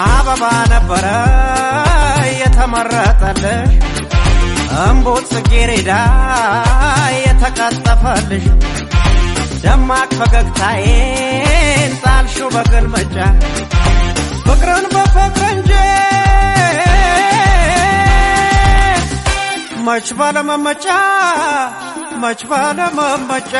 አበባ ነበረ የተመረጠልሽ እምቡጥ ጽጌሬዳ የተቀጠፈልሽ ደማቅ ፈገግታዬን ጣልሽው በግልምጫ ፍቅርን በፍቅር እንጂ መች ባለመመጫ መች ባለመመጫ